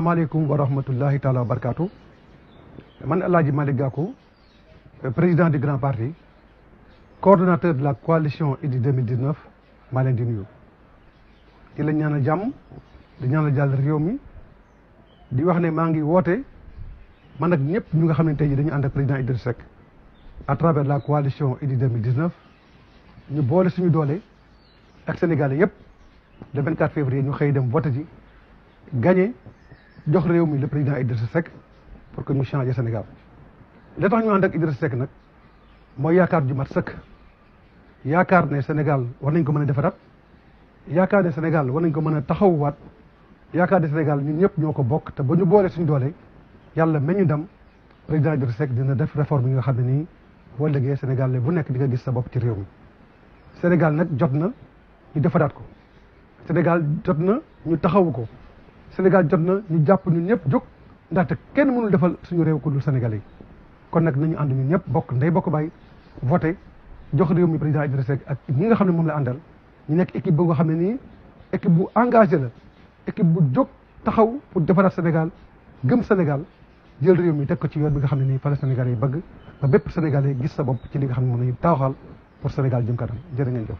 asalaamaaleykum wa rahmatullahi taala wa barakaatu man El Hadj président du grand parti coordonnateur de la coalition Idy 2019 maa leen di nuyu. di la ñaanal jàmm di ñaanal jàll réew mi di wax ne maa ngi woote man ak ñëpp ñu nga xam ne tey jii dañu ànd ak président Idriss Seck à travers la coalition Idy 2019 ñu boole suñu doole ak Sénégalais yëpp le 24 février ñu xëy dem vote ji gagné jox réew mi le président Idrissa Seck pour que ñu changer Sénégal li tax ñu ànd ak Idrissa nag mooy yaakaar ju mat sëkk yaakaar ne Sénégal war nañ ko mën a defaraat yaakaar ne Sénégal war nañ ko mën a taxawwaat yaakaar ne Sénégal ñu ñëpp ñoo ko bokk te ba ñu boolee suñu doole yàlla meññu dem président Idrissa Seck dina def réforme yi nga xam ne nii boo liggéey Sénégal bu nekk di nga gis sa bopp ci réew mi Sénégal nag jot na ñu defaraat ko Sénégal jot na ñu taxawu ko Sénégal jot na ñu jàpp ñun ñëpp jóg ndaxte kenn mënul defal suñu réew ku dul Sénégalais kon nag nañu ànd ñun ñëpp bokk ndey bokk bay voté jox réew mi président Idrissa Seck ak ñi nga xam ne moom la àndal ñu nekk équipe ba nga xam ne nii équipe bu engagé la équipe bu jóg taxaw pour defaraat Sénégal gëm Sénégal jël réew mi teg ko ci yoon bi nga xam ne nii fa la Sénégal yi bëgg ba bépp Sénégalais gis sa bopp ci li nga xam ne moom la ñu taxawal pour Sénégal jëm kanam jërë